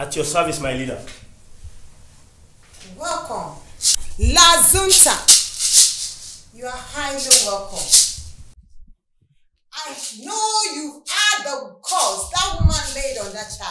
At your service, my leader. Welcome. La Junta, you are highly welcome. I know you had the cause that woman laid on that child.